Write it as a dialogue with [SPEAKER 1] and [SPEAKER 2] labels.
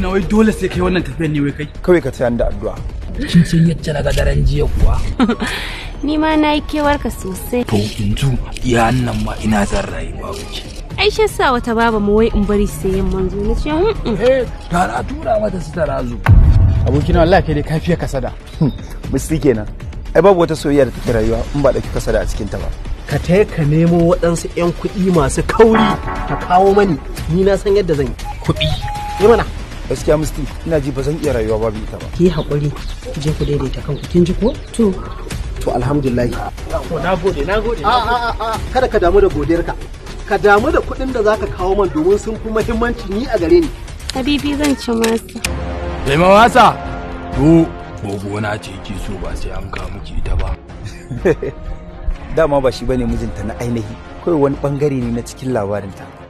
[SPEAKER 1] na wai dole sai kai wannan tafiyar ne wai kai kawai ka tsaya da addu'a kin san yacce na ga daren jiya kuwa ni ma na yi kewar ka sosai to ju ya nan ma ina zan rayuwa wuce ai shi sa wata baba mu wai in bari sai yamma manzo na ce hmm, hmm. eh tara tura mata su tara aboki abokina wallahi kai dai kafiya kasada hmm, musti kenan ai babu wata soyayya da take rayuwa in ba ɗauki kasada a cikin ta ba ka ta ka nemo waɗansu 'yan kuɗi masu kauri ka kawo mani ni na san yadda zan yi kuɗi yi mana gaskiya musti ina ji ba zan iya rayuwa babu ita ba ki hakuri je ku daidaita ku kin ji ko to to alhamdulillah to na gode na gode a a a kada ka damu da godiyarka ka damu da kuɗin da zaka kawo man domin sun fi muhimmanci ni a gare ni habibi zan ci masa dai ma wasa to gogona ce ki so ba sai an kawo miki ita ba dama ba shi bane mijinta na ainihi kawai wani bangare ne na cikin labarinta